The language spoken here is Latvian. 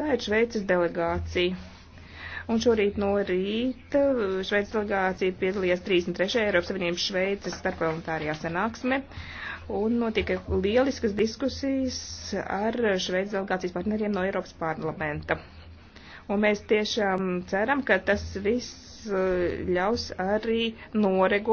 Tā ir Šveices delegācija. Un šorīt no rīta Šveices delegācija piedalījās 33. Eiropas Savienības Šveices starpparlamentārajā sanāksmē. Un notika lieliskas diskusijas ar Šveices delegācijas partneriem no Eiropas parlamenta. Un mēs tiešām ceram, ka tas viss uh, ļaus arī noregulēt.